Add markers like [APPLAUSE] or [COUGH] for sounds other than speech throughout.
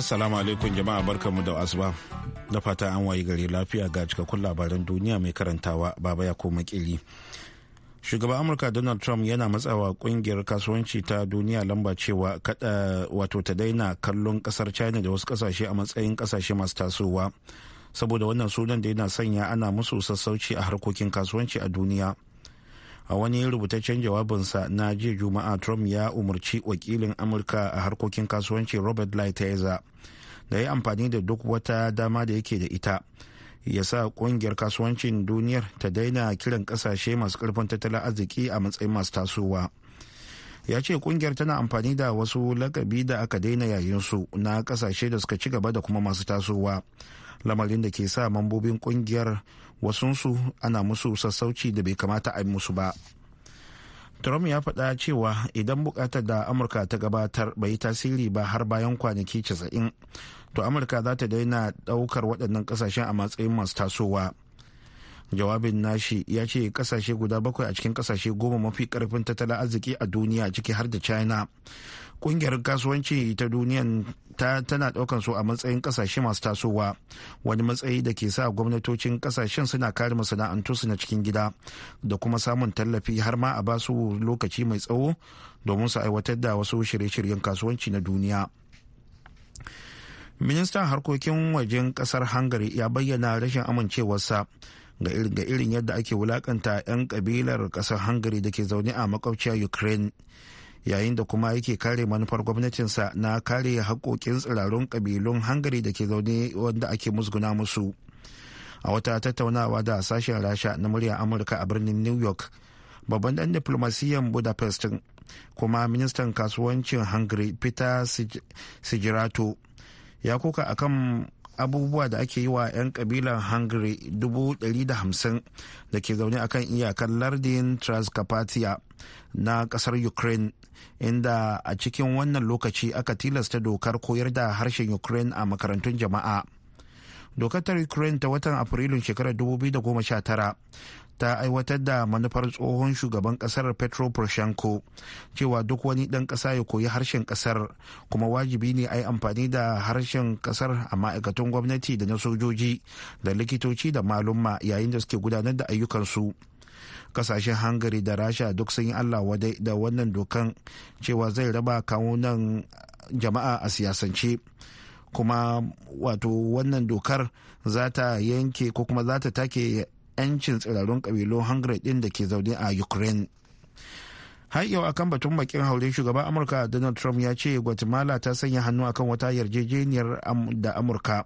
Assalamu alaikum jama'a barkanmu da asuba. Da fata an wayi gari lafiya ga cikakkun labaran duniya mai karantawa baba ya koma kili. Shugaban Amurka Donald Trump yana matsawa kungiyar kasuwanci ta duniya lamba cewa kada wato ta daina kallon kasar China da wasu kasashe a matsayin kasashe masu tasowa. Saboda wannan sunan da yana sanya ana musu sassauci a harkokin kasuwanci a duniya. a wani rubutaccen jawabinsa na jiya juma'a trump ya umarci wakilin amurka a harkokin kasuwanci robert lighthizer da ya amfani da duk wata dama da yake da ita ya sa kungiyar kasuwancin duniyar ta daina kiran kasashe masu karfin tattalin arziki a matsayin masu tasowa ya ce kungiyar tana amfani da wasu lakabi da aka daina yayinsu na kasashe da suka ci gaba da kuma masu tasowa lamarin da ke sa mambobin kungiyar wasunsu ana musu sassauci da bai kamata a yi musu ba trump ya faɗa cewa idan buƙatar da amurka ta gabatar bai tasiri ba har bayan kwanaki casa'in to amurka za ta daina ɗaukar waɗannan ƙasashen a matsayin masu tasowa jawabin nashi ya ce ƙasashe guda bakwai a cikin ƙasashe goma mafi karfin tattalin arziki a duniya ciki har da china kungiyar kasuwanci ta duniyan ta tana daukan su a matsayin kasashe masu tasowa wani matsayi da ke sa gwamnatocin kasashen suna kare masana'antu su na cikin gida da kuma samun tallafi har ma a basu lokaci mai tsawo domin su aiwatar da wasu shirye-shiryen kasuwanci na duniya ministan harkokin wajen kasar hungary ya bayyana rashin amincewarsa ga irin yadda ake wulakanta 'yan kabilar kasar hungary da ke zaune a makwabciyar ukraine yayin da kuma yake kare manufar gwamnatinsa na kare haƙoƙin tsirarun kabilun hangari da ke zaune wanda ake musguna musu a wata tattaunawa da sashen rasha na murya amurka a birnin new york babban dan diplomasiyan budapest kuma ministan kasuwancin hungary peter sigirato ya kuka akan abubuwa da ake yi wa 'yan kabilan hungary 150 da ke zaune a kan iyakar lardin transcarpathia na kasar ukraine inda a cikin wannan lokaci aka tilasta dokar koyar da harshen ukraine a makarantun jama'a. dokatar ukraine ta watan afrilun shekarar 2019 ta aiwatar da manufar tsohon shugaban kasar petro poroshenko cewa duk wani dan ƙasa ya koyi harshen kasar kuma wajibi ne a yi amfani da harshen kasar a ma'aikatan gwamnati da na sojoji da likitoci da malumma yayin da suke gudanar da ayyukansu kasashen hungary da rasha duk sun yi allah wadai da wannan dokan cewa zai raba kawunan jama'a a siyasance kuma wato wannan dokar za ta yanke ko kuma za ta take 'yancin tsirarun kabilun hungary din da ke zaune a ukraine har yau akan batun bakin haure shugaban amurka donald trump ya ce guatemala ta sanya hannu akan wata yarjejeniyar da amurka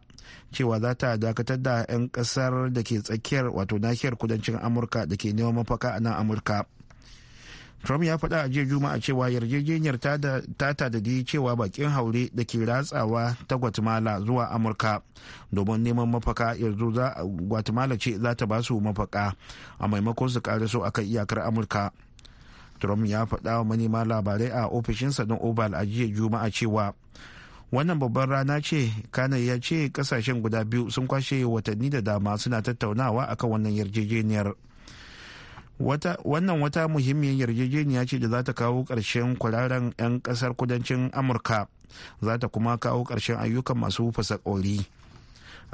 cewa za ta dakatar da 'yan kasar da ke tsakiyar wato nahiyar kudancin amurka da ke neman mafaka a nan amurka trump ya faɗa a jiya juma'a cewa yarjejeniyar ta tadadi cewa bakin haure da ke ratsawa ta guatemala zuwa amurka domin neman mafaka yanzu guatemala ce za ta ba su mafaka a maimakon su karaso a kan iyakar amurka trump ya faɗa wa manema labarai a ofishinsa don oval a jiya juma'a cewa wannan babban rana ce kana ya ce kasashen guda biyu sun kwashe watanni da dama suna tattaunawa akan wannan yarjejeniyar. wannan wata muhimmiyar yarjejeniya ce da za ta kawo ƙarshen kwararren 'yan ƙasar kudancin amurka za ta kuma kawo ƙarshen ayyukan masu fasakori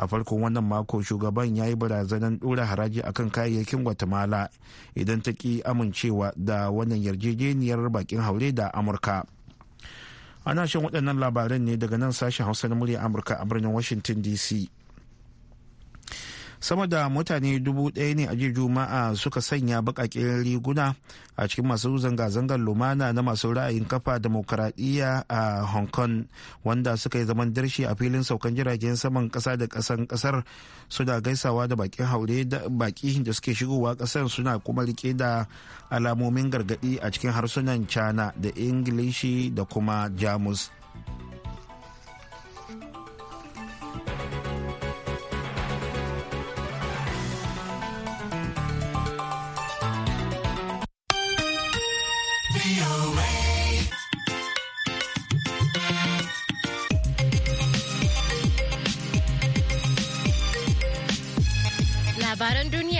a farkon wannan mako shugaban ya yi barazanar ɗora haraji akan kayayyakin guatemala idan ta ki amincewa da wannan yarjejeniyar bakin haure da amurka ana shan waɗannan labaran ne daga nan sashen hausa na murya amurka a birnin washington dc sama da mutane dubu ɗaya ne a jiya juma'a suka sanya baƙaƙen riguna a cikin masu zanga-zangar lumana na masu ra'ayin kafa demokaradiyya a hong kong wanda suka yi zaman dirshi a filin saukan jiragen saman ƙasa da ƙasan ƙasar suna gaisawa da baƙin haure da baƙi da suke shigowa ƙasar suna kuma rike da alamomin gargaɗi a cikin harsunan china da ingilishi da kuma jamus.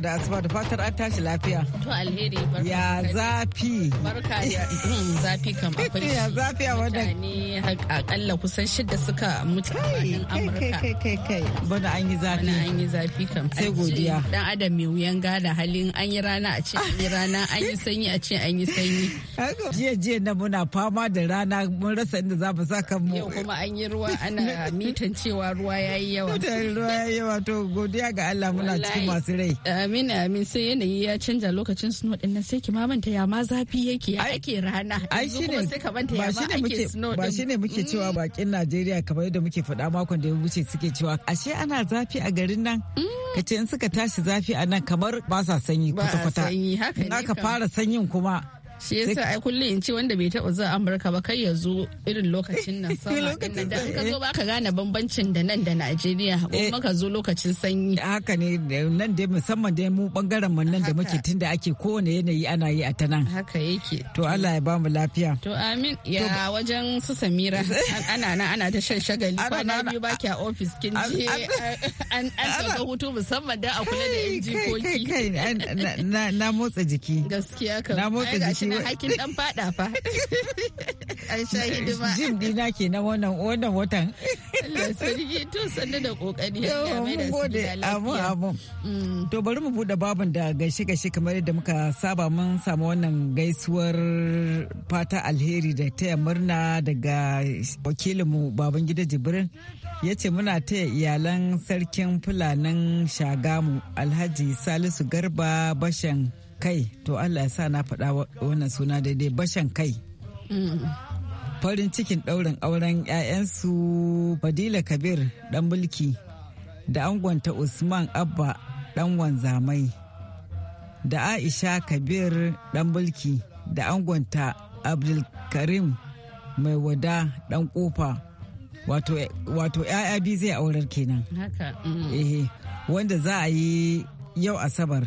barka da asuba da fatar an tashi lafiya. To alheri barka. Ya zafi. Barka ya zafi kam akwai [LAUGHS] Ya zafi a wannan. Mutane akalla kusan shida suka mutu a wannan Amurka. Kai kai kai kai. Bana an yi zafi. Bana an yi zafi kam. Sai godiya. Dan adam mai wuyan gada halin an yi rana a ce an yi rana an yi sanyi a ce an yi sanyi. [LAUGHS] Jiya jiya na muna fama da rana mun rasa inda za mu saka mu. Yau kuma an yi ruwa ana mitan cewa ruwa ya yi yawa. [LAUGHS] Ruwa ya yi yawa to godiya ga Allah muna cikin masu rai. amin amin sai yanayi ya canja lokacin snow din nan sai ki ma manta ya ma zafi yake ya ake rana ai ne sai ka manta ya ma ake snow ba shine muke cewa mm. bakin Najeriya kamar yadda muke faɗa makon da ya wuce suke cewa ashe ana zafi a garin nan mm. kace in suka tashi zafi a nan kamar ba sa sanyi kwata kwata in fara sanyin kuma shi yasa ai kullum in ce wanda bai taɓa zuwa amurka ba kai ya zo irin lokacin nan [LAUGHS] sama da in ka zo ba ka gane bambancin da nan da najeriya eh. kuma ka zo lokacin sanyi haka ne nan dai musamman dai mu bangaren mu nan da muke tunda ake kowane yanayi ana yi a ta nan haka yake to Allah ya bamu lafiya to amin ya wajen su samira [LAUGHS] ana nan ana ta shan shagali kwana biyu ba ki a ofis kin je an ɗauka hutu musamman da a kula da yan jikoki na motsa jiki gaskiya kan na motsa jiki na hakin dan fada fa an [LAUGHS] sha hidima jin dina kenan wannan wannan watan Allah sarki to sanne da kokari ya mai da gode. amu amu mm. to bari mu bude babun da gaishe gaishe kamar yadda muka saba mun samu wannan gaisuwar fata alheri da taya murna daga wakilinmu babangida jibrin ya ce muna taya iyalan sarkin fulanin shagamu alhaji salisu garba bashan kai to Allah ya sa na faɗa wannan suna daidai bashan kai farin cikin ɗaurin auren 'ya'yansu fadila kabir ɗan mulki da angonta usman abba ɗan wanzamai da aisha kabir ɗan mulki da angonta abdulkarim mai wada ɗan kofa wato 'ya'ya biyu zai aurar kenan mm. eh, wanda za a yi yau asabar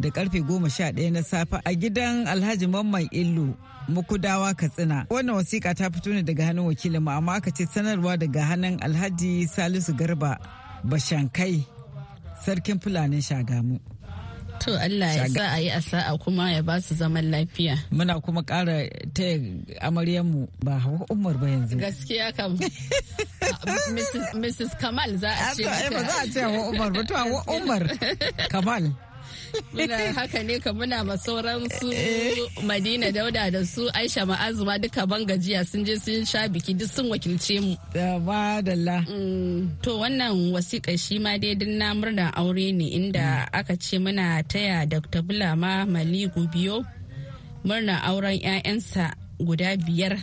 da karfe goma sha daya na safe a gidan Alhaji Mamman Illu Mukudawa Katsina. Wannan wasiƙa ta fito ne daga hannun wakilin mu amma aka ce sanarwa daga hannun Alhaji Salisu Garba Bashankai Sarkin Fulanin Shagamu. To Allah ya sa a yi asa'a kuma ya ba su zaman lafiya. Muna kuma ƙara taya amaryanmu ba hawa umar ba yanzu. Gaskiya kam. Mrs. [LAUGHS] Kamal za a ce. Eh, ba za a ce hawa umar ba to hawa umar Kamal. muna [LAUGHS] haka ne ka muna masauran su eh. madina dauda da su aisha ma'azuma duka ban gajiya sun je sun sha biki duk sun wakilce mu la. Mm. to wannan wasiƙa shi ma dai din na murna aure ne inda mm. aka ce muna taya dr bulama maligu biyo murna auren 'ya'yansa guda biyar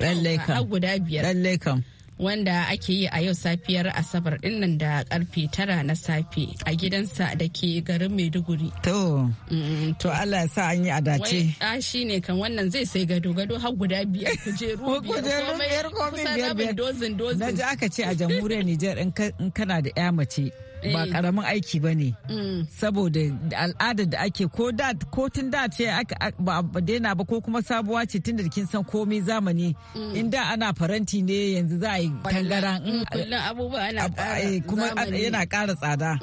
lallai kam wanda ake yi a yau safiyar asabar dinnan da karfe tara na safe a gidansa da ke garin maiduguri to to allah sa an yi a dace a ah, shi ne kan wannan zai sai gado gado har guda biyar kujeru biyar komai biyar biyar dozin dozin na ji aka ce a jamhuriyar nijar in kana da ya mace ba eh. karamin aiki ba ne mm. saboda al'adar da ake ko da ko tun da ce ba daina ba ko kuma sabuwa ce tun da kin san komai zamani mm. in da ana faranti ne yanzu za a yi tangaran mm, eh, kuma yana ƙara tsada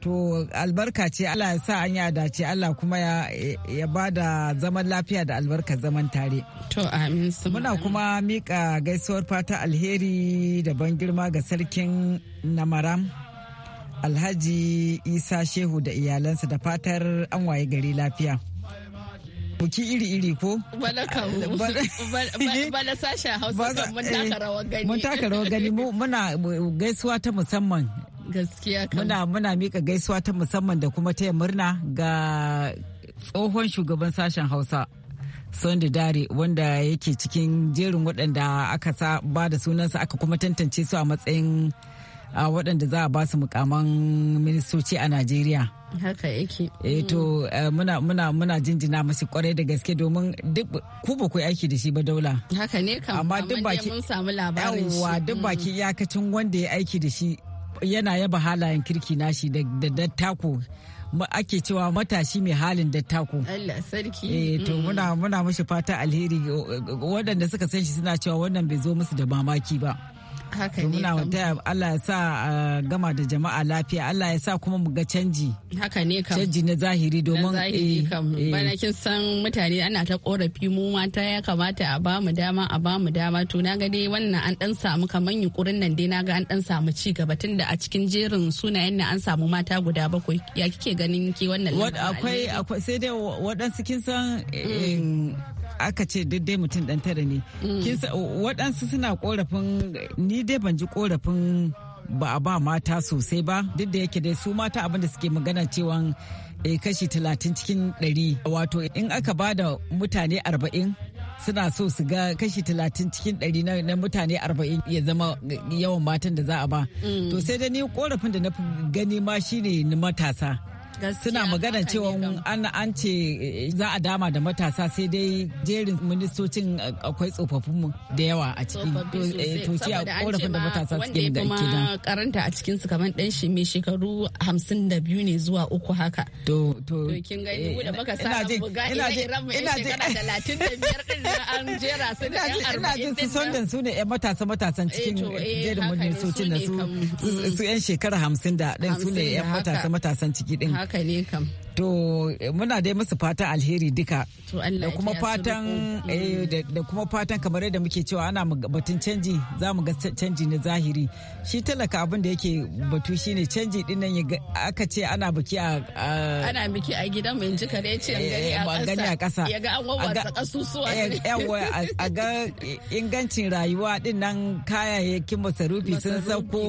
to albarka ce Allah ya sa an ya dace Allah kuma ya ba da zaman lafiya da albarkar zaman tare to amin muna kuma mika gaisuwar fata alheri da ban girma ga sarkin namaram Alhaji Isa Shehu da iyalansa da fatar an waye gari lafiya. buki iri-iri ko? Bala kawo. [LAUGHS] Bala sashen hausa eh, mun taka rawar gani. Mun taka gani muna gaisuwa ta musamman. Gaskiya kan. Muna muna mika gaisuwa ta musamman da kuma taya murna ga tsohon shugaban sashen hausa. Sondi Dare wanda yake cikin jerin waɗanda aka ba da sunansa aka kuma tantance su a matsayin a waɗanda za a ba su mukaman ministoci a najeriya haka yake eh to mm. eh, muna muna muna jinjina masu kwarai da gaske domin duk ku ba ku aiki da shi ba daula haka ne kam amma duk baki mun samu labarin shi Yawwa duk baki mm. iyakacin wanda ya aiki da shi yana yaba halayen kirki nashi da dattako ake cewa matashi mai halin dattako. Allah sarki. Eh to mm. muna muna mashi fata alheri waɗanda suka san shi suna cewa wannan bai zo musu da mamaki ba. haka ne muna wadda Allah ya sa gama da jama'a lafiya Allah ya sa kuma mu ga canji haka ne kam canji na zahiri domin zahiri eh, kam eh. bana kin san mutane ana ta korafi mu mata ya kamata a ba mu dama a ba mu dama to na ga dai wannan an dan samu kaman yukurin nan dai na ga an dan samu ci gaba tunda a cikin jerin sunayen nan an samu mata guda bakwai ya kike ganin ki wannan akwai akwai sai dai waɗansu kin san mm. eh, aka ce dai mutum dan tara ne mm. waɗansu suna korafin ni dai ban ji korafin ba a ba mata sosai ba duk da yake dai su mata abinda suke magana cewa e, eh, kashi talatin cikin ɗari wato in aka ba da mutane arba'in suna so su ga kashi talatin cikin ɗari na mutane arba'in ya zama yawan matan da za a ba mm. to sai da ni korafin da na gani ma shine matasa suna magana cewa an an ce eh, za a dama da matasa sai dai jerin ministocin eh, akwai tsofaffin mu da yawa a ciki to eh, ce a korafin da matasa suke da ke karanta a cikin su kamar dan shi mai shekaru 52 ne zuwa uku haka to to kin gani da baka sa buga ina ji ina ji ina din an jera su da ina ji su dan su ne matasa matasan cikin jerin ministocin da su su yan shekara 50 da din su ne yan matasa matasan ciki din haka ne kam To eh, muna dai masu fatan alheri duka. Da kuma fatan mm. eh, da kuma fatan kamar yadda muke cewa ana batun canji za mu ga canji na zahiri. Shi talaka abin da yake batu shine canji din nan aka ce ana biki a ana biki a gidan mai jika da ce gani a eh, ƙasa. Ya ga an wawwatsa kasusuwa. a ga ingancin rayuwa din nan kayayyakin masarufi sun sauko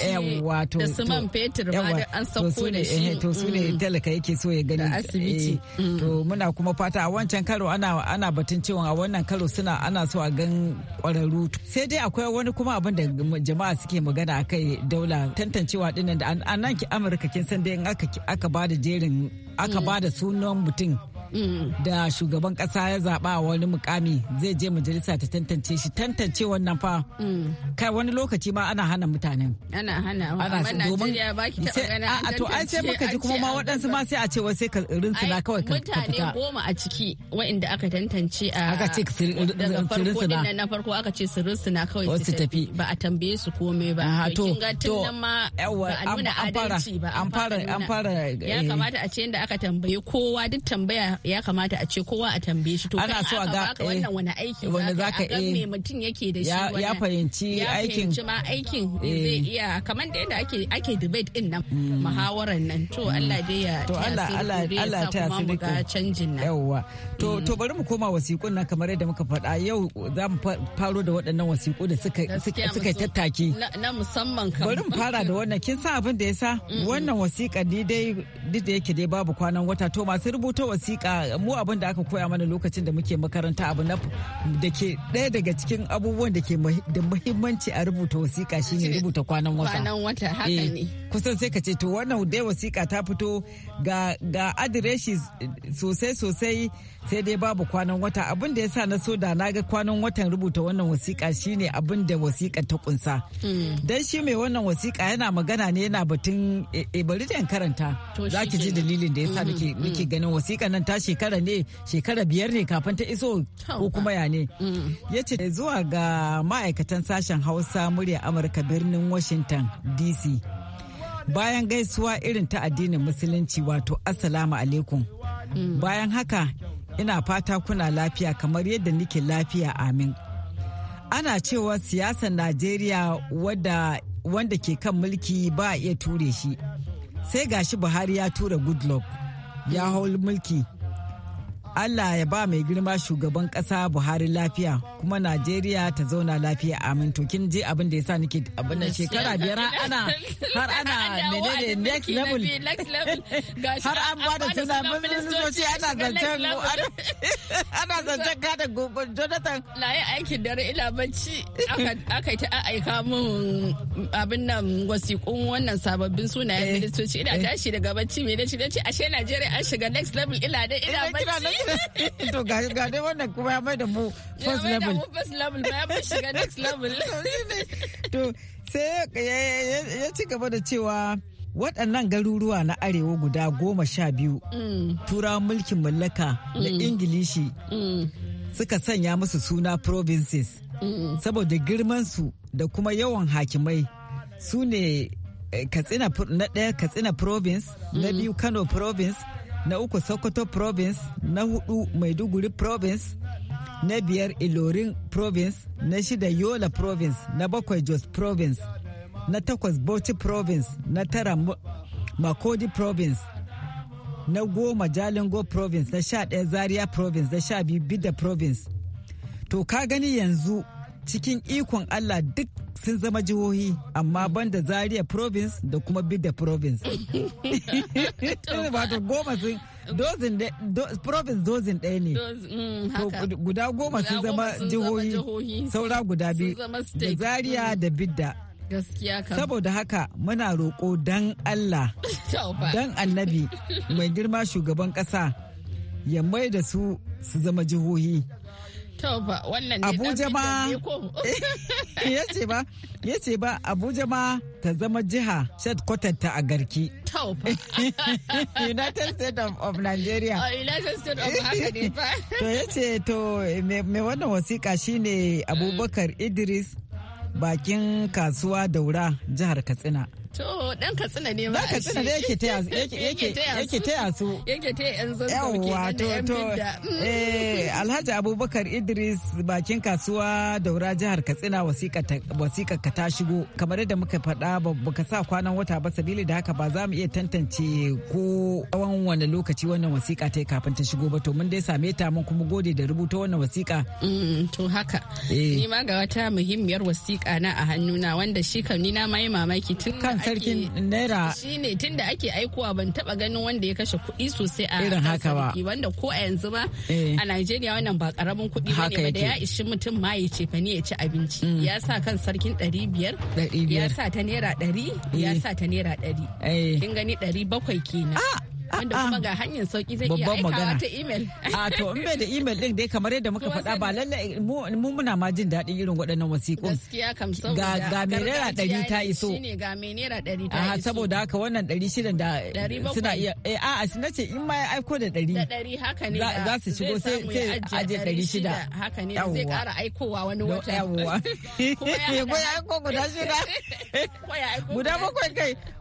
yawa to. Da su man fetur ma an sauko da shi. To su ne talaka. Mm. talaka yake so ya gani asibiti eh, to muna kuma fata a wancan karo ana ana batun cewa a wannan karo suna ana so a gan kwararru sai dai akwai wani kuma abin da jama'a suke magana akai daula tantancewa dinnan da an nan ki Amurka kin san dai in aka aka bada jerin aka mm. bada sunan mutum Mm-hmm. da shugaban kasa ya zaba wani mukami zai je majalisa ta tantance shi tantance wannan fa mm. kai wani lokaci ma ana hana mutanen ana hana ana Najeriya domin ki a to ai sai muka ji kuma ma waɗansu ma sai a ce wai sai ka na kawai ka fita mutane goma a ciki wa'inda aka tantance a aka ce daga farko din na farko aka ce su na kawai su tafi ba a tambaye su komai ba to to ma ba a nuna adalci ba an fara an fara ya eh. kamata a ce inda aka tambaye kowa duk tambaya ya kamata a ce kowa a tambaye shi to ana so a ga wannan wani aiki eh, wanda zaka eh me mutum yake da shi ya fahimci aikin ya ma aikin zai eh. iya kamar da yadda ake ake debate din nan mm. muhawaran nan to mm. Allah dai ya to Allah Allah Allah ta mu ga canjin nan yawa to mm. to bari mu koma wasiƙun nan kamar yadda muka faɗa yau za mu faro da waɗannan wasiƙu da suka suka tattaki na musamman kan bari mu fara da wannan kin san abin da yasa wannan wasiƙa ni dai duk da yake dai babu kwanan wata to masu rubuta wasiƙa alaka mu abin da aka koya mana lokacin da muke makaranta abu na da ke ɗaya daga cikin abubuwan da ke da muhimmanci a rubuta wasiƙa shine [LAUGHS] rubuta kwanan wata kwanan wata haka eh, ne kusan sai ka ce to wannan dai wasiƙa ta fito ga ga adireshi sosai sosai sai dai babu kwanan wata abin da yasa na so da na ga kwanan watan rubuta wannan wasiƙa shine abin da wasiƙa ta kunsa hmm. dan shi mai wannan wasiƙa yana magana ne yana batun eh, eh, bari da karanta za ki ji dalilin da yasa hmm, nake nake hmm. ganin wasiƙa nan ta shekara ne shekara biyar ne kafin ta iso ko kuma ya ne mm. ya ce zuwa ga ma'aikatan sashen hausa murya amurka birnin washington dc bayan gaisuwa irin ta addinin musulunci wato assalamu alaikum mm. bayan haka ina fata kuna lafiya kamar yadda nike lafiya amin ana cewa siyasar najeriya wadda wanda ke kan mulki ba a iya ture shi sai gashi buhari ya tura goodluck ya hau mulki Allah ya ba mai girma shugaban kasa Buhari lafiya kuma Najeriya ta zauna lafiya amin to kin je abin da yasa nake abin nan shekara biyar ana har ana menene next level har an ba da suna ministoci ana zancen [LAUGHS] ana zancen gada Jonathan na yi aikin dare ila bacci aka ta aika mun abin nan wasiƙun wannan sababbin sunayen eh. ministoci ina eh. tashi daga bacci me nace nace ashe Najeriya an shiga next level ila da ila eh, bacci [LAUGHS] to ga ga dai wannan kuma ya mai da mu first level ya mai da mu first level ya mai shiga next [LAUGHS] level to sai ya ci gaba da cewa waɗannan garuruwa na arewa guda goma sha biyu mm. tura mulkin mallaka na mm. ingilishi mm. suka sanya musu suna provinces saboda girmansu da kuma yawan hakimai su ne eh, na ɗaya katsina province na biyu kano province na uku sokoto province na hudu maiduguri province na biyar ilorin province na shida yola province na bakwai jos province na takwas bauchi province na tara makodi province na goma jalingo province na sha ɗaya zaria province na sha biyu bidda province to ka gani yanzu cikin ikon Allah duk sun zama jihohi amma banda Zaria province da kuma Bidda province. Wato [LAUGHS] goma sun dozin province dozin ɗaya ne. Mm, guda goma sun zama jihohi saura guda biyu da Zaria mm. da Bidda. gaskiya kan saboda haka muna roƙo dan Allah [LAUGHS] dan annabi [LAUGHS] mai girma shugaban ƙasa ya mai da su su zama jihohi Abuja ma eh, ya ce ba ya ce ba Abuja ma ta zama jiha shed ta a garki. [LAUGHS] United States of, Nigeria. Oh, United States of Nigeria. [LAUGHS] To ya ce to mai wannan wasiƙa shine Abubakar Idris bakin kasuwa daura jihar Katsina. To dan Katsina ne ba Dan Katsina ne yake taya yake yake taya su. Yake taya yan zazzau Yawwa to to. Mm. Eh Alhaji Abubakar Idris bakin kasuwa Daura jihar Katsina wasiƙa ka ta shigo kamar yadda muka faɗa baka sa kwanan wata ba sabili da haka ba za mu iya tantance ko tsawon wani lokaci wannan wasiƙa ta kafin ta shigo ba to mun dai same ta mun kuma gode da rubuta wannan wasiƙa. Mm, to haka. Eh. Ni ma ga wata muhimmiyar wasiƙa na a hannuna wanda shi kam ni na ma yi mamaki tun sarkin naira shine da ake aikowa ban taba ganin wanda ya kashe kuɗi sosai a irin haka ba wanda ko a yanzu ba eh. a Najeriya wannan ba karamin kuɗi ba ne da ya ishi mutum ma ya ce fani ya ci abinci mm. ya sa kan sarkin ɗari biyar ya sa ta naira ɗari. ya eh. sa ta naira ɗari. Eh. kin gani bakwai kenan ah! wanda ah, ah. kuma ga hanyar sauki zai iya aikawa ta email a ah, to in da email din dai kamar yadda muka faɗa ba lalle mu muna ma jin daɗin irin waɗannan wasiƙun ga ga ɗari ta iso shine saboda haka wannan ɗari shirin da suna iya eh, na ce in ma ya aiko da ɗari za su shigo sai sai ɗari shida haka ne zai ƙara aikowa wani wata [LAUGHS] [LAUGHS] [LAUGHS] ya aiko guda shida kai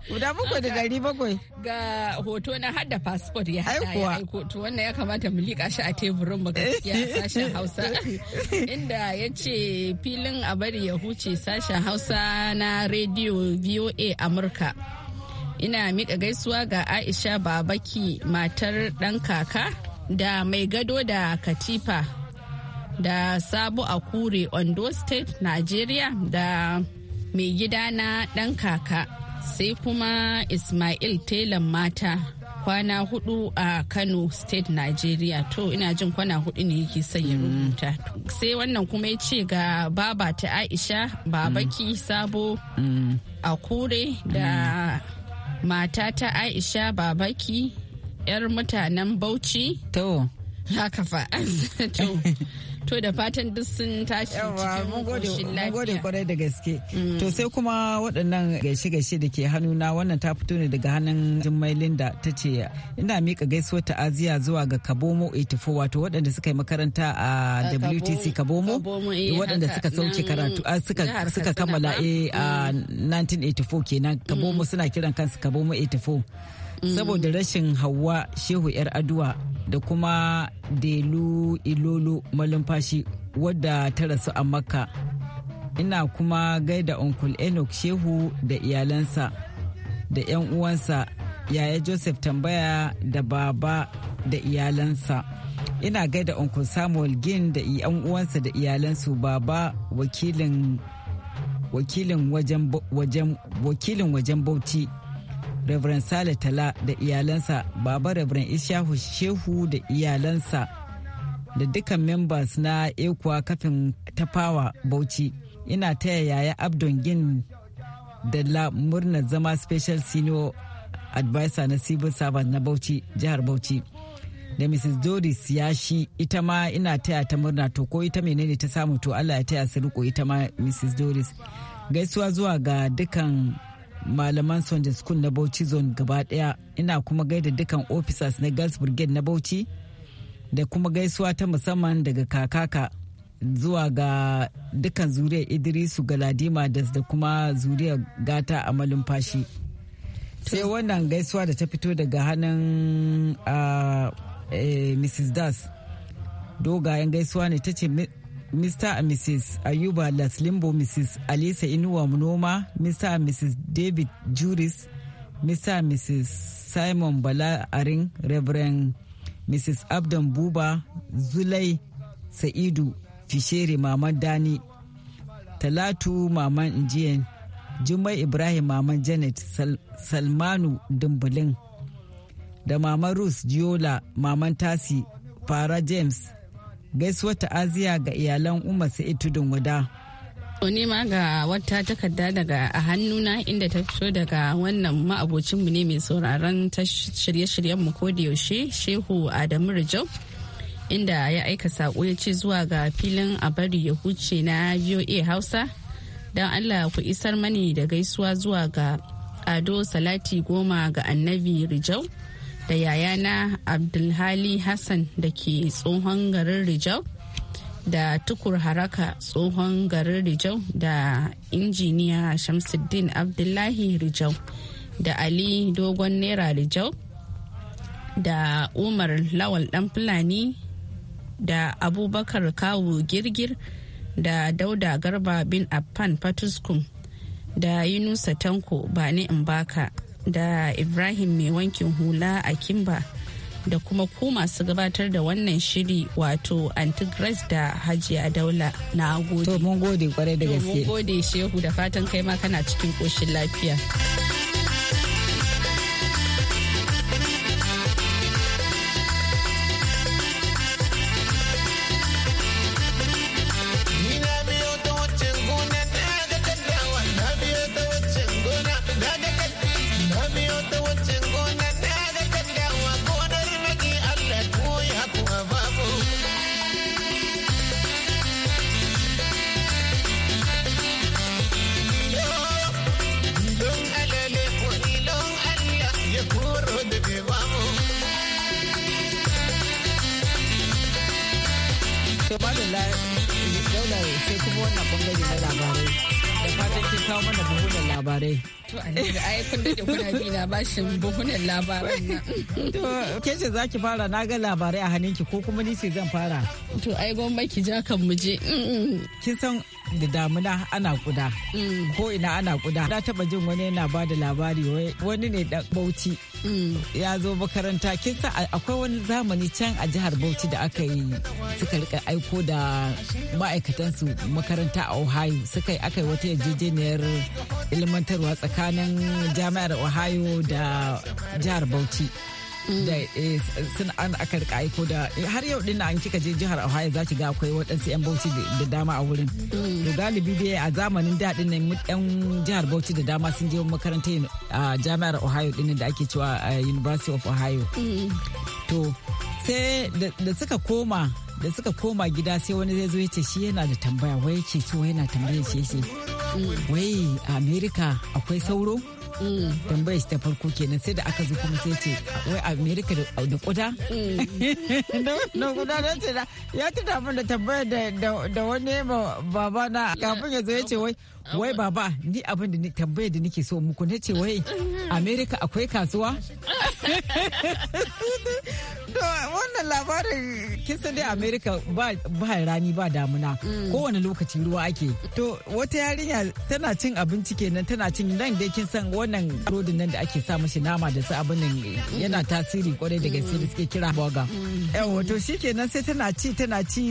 guda bakwai da ɗari bakwai ga hoto na har da passport ya hada ya aiko to wannan ya kamata mu liƙa shi a teburin mu gaskiya [LAUGHS] sashen Hausa [LAUGHS] inda ya ce filin a bari ya huce sashen Hausa na rediyo VOA Amurka. Ina miƙa gaisuwa ga Aisha Babaki matar ɗan kaka da mai gado da katifa da sabu a kure ondo state nigeria da mai gida na ɗan kaka sai kuma ismail telan mata kwana hudu a Kano State Nigeria to ina jin kwana hudu ne yake son ya mm. rubuta sai wannan kuma ya ce ga baba ta Aisha babaki mm. sabo mm. a kure da mata ta Aisha babaki yar mutanen Bauchi to haka fa [LAUGHS] [LAUGHS] To da fatan duk sun tashi cikin koshin lafiya. Mun gode kwarai da gaske. Mm. To sai kuma waɗannan gaishe-gaishe da ke hannuna wannan ta fito ne daga hannun Jummai Linda ta ce ina miƙa gaisuwar ta'aziya zuwa ga Kabomo 84 wato waɗanda suka yi makaranta a WTC Kabomo eh, waɗanda suka sauke karatu suka kammala eh, a 1984 mm. kenan Kabomo mm. suna kiran kansu Kabomo 84. saboda rashin hawa shehu yar aduwa da kuma delu ilolo malumfashi wadda ta rasu a makka ina kuma gaida onkul enoch shehu da iyalansa da 'yan uwansa yaya joseph tambaya da baba da iyalansa ina gaida onkul samuel gin da 'yan uwansa da iyalansu baba wakilin wajen wajen bauchi Reverend Sale Tala da iyalansa, Baba Reverend Ishahu Shehu da iyalansa da dukkan members na ekuwa kafin tafawa Bauchi. Ina taya yaya Abdon Gin da la murnar zama Special Senior Advisor na Civil Servant na Bauchi, Jihar Bauchi. da Mrs. Doris ya shi ita ma ina taya ta murna to ko ita menene ta samu to Allah ya taya su riko ita ma Mrs. Doris. Gaisuwa zuwa ga dukan malaman Sunday School na Bauchi Zone gaba daya ina kuma gaida dukan officers na Girls Brigade na Bauchi da kuma gaisuwa ta musamman daga kakaka zuwa ga dukan zuriyar Idrisu Galadima da kuma zuriyar gata a malumfashi. Sai wannan gaisuwa da ta fito daga hannun ah, eh, Mrs. Das. Dogayen gaisuwa ne ta ce Mr. and Mrs. Ayuba Laslimbo, Mrs. Alisa Inuwa Munoma, Mr. and Mrs. David Juris, Mr. and Mrs. Simon Bala arin Reverend Mrs. Abdon Buba, Zulai Sa'idu Fisheri Maman Dani, Talatu Maman Injiyan, Jummai Ibrahim Maman Janet Sal Salmanu Dumbulin, da Maman Rus jiola Maman Tasi, Fara James, gaisuwar ta'aziya ga iyalan Umar sa Tudun Wada. To ma ga wata takarda daga a hannuna inda ta fito daga wannan ma'abocinmu ne mai sauraron ta shirye-shiryen mu da yaushe Shehu Adamu Rijau inda ya aika saƙo ya ce zuwa ga filin a bari ya huce na VOA Hausa don Allah ku isar mani da gaisuwa zuwa ga Ado Salati Goma ga Annabi Rijau. da yayana abdulhali hassan da ke tsohon garin rijau da tukur haraka tsohon garin rijau da injiniya shamsuddin abdullahi rijau da ali dogon naira rijau da umar lawal dan fulani da abubakar kawu girgir da dauda garba bin affan fatuskum da yunusa tanko ba ni in baka da ibrahim mai wankin hula a kimba da kuma ku masu gabatar da wannan shiri wato antigras da hajiya daula na gode. to mun gode kwarai da gaske. mun gode shehu da fatan kai ma kana cikin koshin lafiya. wannan bangare na labarai. Da fatan kin kawo mana buhunan labarai. To ai kun dade kuna bi na bashin buhunan labarin To ke ce zaki fara na ga labarai a hannunki ko kuma ni ce zan fara. To ai gwamma ki ja kan mu Kin san da damuna ana kuda. Mm. Ko ina ana kuda. Na taba jin wani yana ba da labari wani ne da Bauchi. Mm. Ya zo makaranta kin san akwai wani zamani can a jihar Bauchi da aka yi suka rika aiko da ma'aikatansu makaranta a Ohio suka yi aka yi wata yarjejeniyar ilmantarwa tsakanin tsakanin jami'ar ohio da jihar bauchi da eh, sun an aka rika aiko da har yau din an kika je jihar ohio za ki ga akwai waɗansu 'yan bauchi da dama a wurin da galibi da a zamanin daɗin nan yan jihar bauchi da dama sun je makaranta a jami'ar ohio din da ake cewa university of ohio to sai da suka koma da suka koma gida sai wani zai zo ya ce shi yana da tambaya wai ce so yana tambayar shi wai a america akwai sauro mm. tambayar shi ta farko kenan sai da aka zo kuma sai ce wai america da kuda da kuda mm. [LAUGHS] da ce ya tuna min da tambayar da wani babana kafin ya zo ya ce wai wai baba ni abin da tambayar da nake so muku na ce wai america akwai kasuwa [LAUGHS] wannan labarin kisa dai america ba rani ba damuna mm. kowane lokaci ruwa ake to wata yarinya tana cin abinci kenan tana cin nan dai kin san wannan rodin nan da ake sa mashi nama da su abin nan yana tasiri kwarai da gaske da suke kira boga mm. yawa to kenan sai tana ci tana ci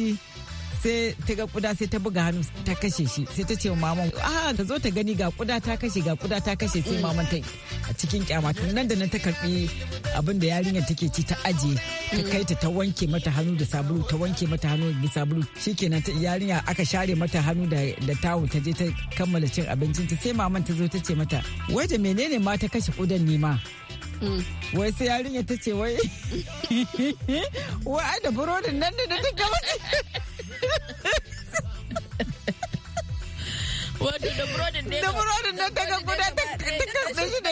sai ta ga kuda sai ta buga hannu ta kashe shi sai ta ce maman a ah, ta zo ta gani ga kuda ta kashe ga kuda ta kashe sai maman ta a cikin kyama nan da nan ta karbi abin da yarinyar take ci ta aje ta kai ta ta wanke mata hannu da sabulu ta wanke mata hannu da sabulu shikenan ta yarinya aka share mata hannu da da tawo ta je ta kammala cin abincin ta sai maman ta zo ta ce mata wai da menene ma ta kashe kudan ne ma mm. wai sai yarinya ta ce wai [LAUGHS] wai da burodin nan da ta gama [LAUGHS] wato da burodin ne da burodin nan daga guda ta karɗe shi [LAUGHS] da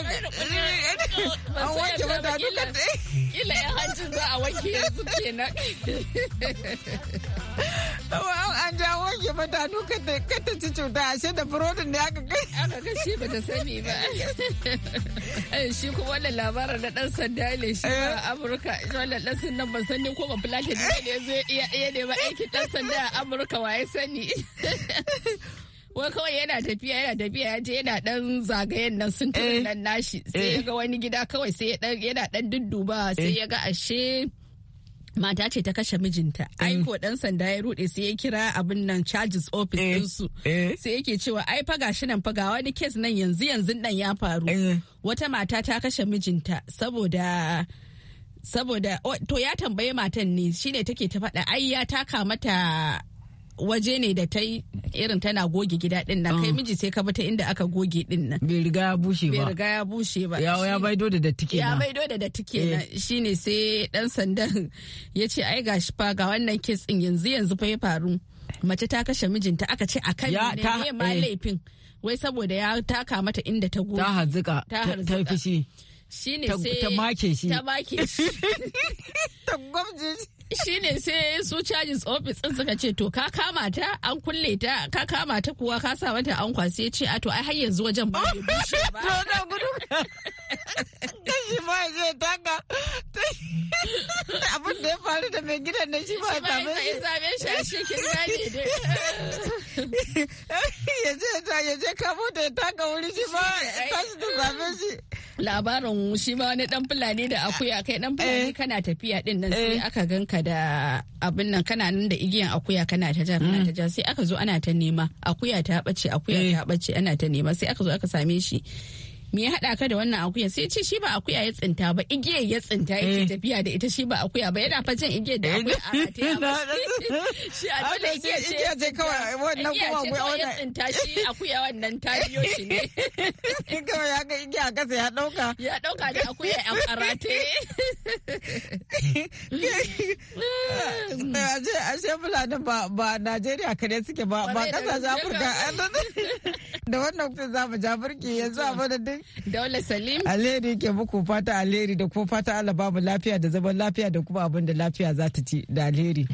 an wanke mata duka kila ya hancin za a wanke yanzu kenan [LAUGHS] an jawo ke mata duka da kata ci cuta ashe da burodin da aka kai aka kai shi ba ta sani ba [LAUGHS] eh, shi kuma wannan labarin na dan sanda ne shi a eh. amurka wannan dan sanda ban sani ko ba fulake ne ne zai iya iya ne ba aikin dan sanda a amurka waye sani [LAUGHS] wai kawai yana tafiya yana tafiya ya je yana dan zagayen nan sun eh. nan nashi sai ya ga wani gida kawai sai yana dan dudduba sai ya ga ashe mata ce ta kashe mijinta ai mm. ko dan sanda ya rude sai ya kira abin nan charges office din eh, su eh. sai yake cewa ai fa gashi nan fa ga wani case nan yanzu yanzu nan ya faru eh. wata mata ta kashe mijinta saboda saboda to ya tambaye matan ne shine take ta faɗa ai ya taka mata waje ne da ta yi irin tana goge gida din nan kai ah. miji sai ka bi ta inda aka goge din nan bai riga ya bushe ba bai riga ya bushe ba ya ya baido da datti kenan ya baido da datti eh. kenan shine sai dan sandan [LAUGHS] ya ce ai gashi fa ga wannan kes din yanzu yanzu fa ya faru mace ta kashe mijinta aka ce akan ne ma eh. laifin wai saboda ya taka mata inda ta goge ta hazuka ta fishi shine sai ta make shi ta make shi [LAUGHS] ta gwamje shi shine sai su charges office din suka ce to ka kama ta an kulle ta ka kama ta kuwa ka sa mata an kwasi ya ce a to ai har yanzu wajen ba ya bushe ba [LAUGHS] to da gudu kashi ma zai taka abin da ya faru da mai gidan na shi ba ya same shi ya same shi a gane dai [LAUGHS] ya je kamo da ya taka wuri shi ba ya tashi da same shi labarin shi ma wani dan fulani da akuya kai dan fulani eh. kana tafiya din nan sai eh. aka ganka da abin nan kana nan da igiyan akuya kana ta ja kana ta mm. ja sai aka zo ana ta nema akuya ta bace akuya ta bace eh. ana ta nema sai aka zo aka same shi me ya haɗa ka da wannan akuya sai ce shi ba akuya ya tsinta ba igiyar ya tsinta yake eh. tafiya da ita shi ba akuya ba yana fajin igiya igiyar da akuya a rataya eh. ba [LAUGHS] shi a dole igiyar ce kawai wannan kuma akuya wannan tsinta shi akuya wannan ta biyo shi ne [LAUGHS] kawai ya ga igiya kasa ya dauka ya dauka da akuya a [LAUGHS] rataye ashe fulani ba Najeriya kare suke ba kasashen Afirka da wannan za mu ja burki yanzu a duk Daula Salim. Alheri ke muku fata alheri da kuma fata Allah babu lafiya da zaman lafiya da kuma abin da lafiya za ta ci da alheri.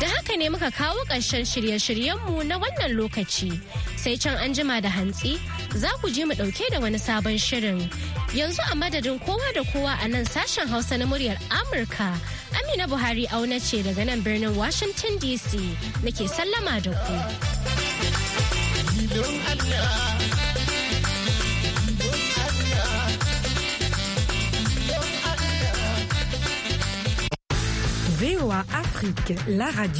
Da haka ne muka kawo ƙarshen shirye-shiryenmu na wannan lokaci. Sai can an jima da hantsi za ku je mu ɗauke da wani sabon shirin. Yanzu a madadin kowa da kowa a nan sashen Hausa na muryar Amurka. Amina Buhari auna ce daga nan birnin Washington DC nake sallama da ku. Allah. VOA Afrique, la radio.